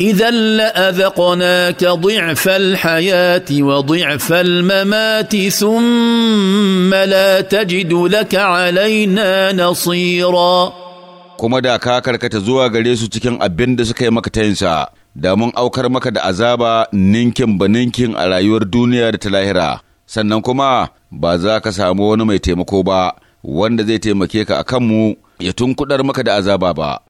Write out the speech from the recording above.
اذا لاذقناك ضعف الحياه وضعف الممات ثم لا تجد لك علينا نصيرا kuma da ka karkata zuwa gare su cikin abin da suka yi maka tayinsa da mun aukar maka da azaba ninkin ba ninkin a rayuwar duniya da ta lahira sannan kuma ba za ka samu wani mai taimako ba wanda zai taimake ka a kanmu ya tunkuɗar maka da azaba ba